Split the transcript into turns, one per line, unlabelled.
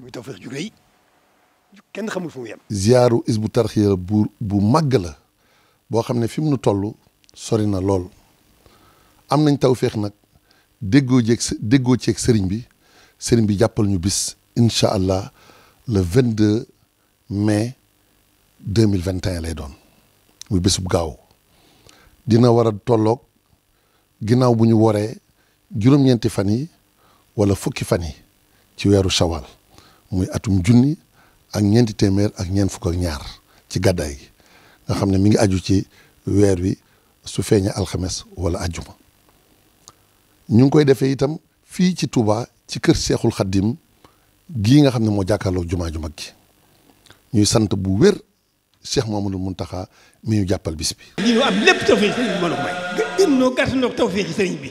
muy ju kenn xamul fu mu yem.
ziaru isbu tarxiya bu bu màgg la boo xam ne fi mu nu tollu sori na lool am nañ tawfeex nag déggoo jeeg déggoo ceeg sëriñ bi sëriñ bi jàppal ñu bis incha allah le 22 mai 2021 lay doon muy bésub gaaw dina war a tollook ginnaaw bu ñu woree juróom-ñeenti fan yi wala fukki fan yi ci weeru shawal muy atum junni ak ñeenti téeméer ak ñeent fukk ak ñaar ci gàddaay gi nga xam ne mi ngi aju ci weer wi su feeñee alxames wala ajjuma ñu ngi koy defee itam fii ci Touba ci kër Seexul Xaddim gii nga xam ne moo jàkkaarloo jumaa ju mag gi ñuy sant bu wér Cheikh Mamadou
Mountakha mi ñu jàppal bis bi.
lépp tawfeex sëriñ bi mën a bi.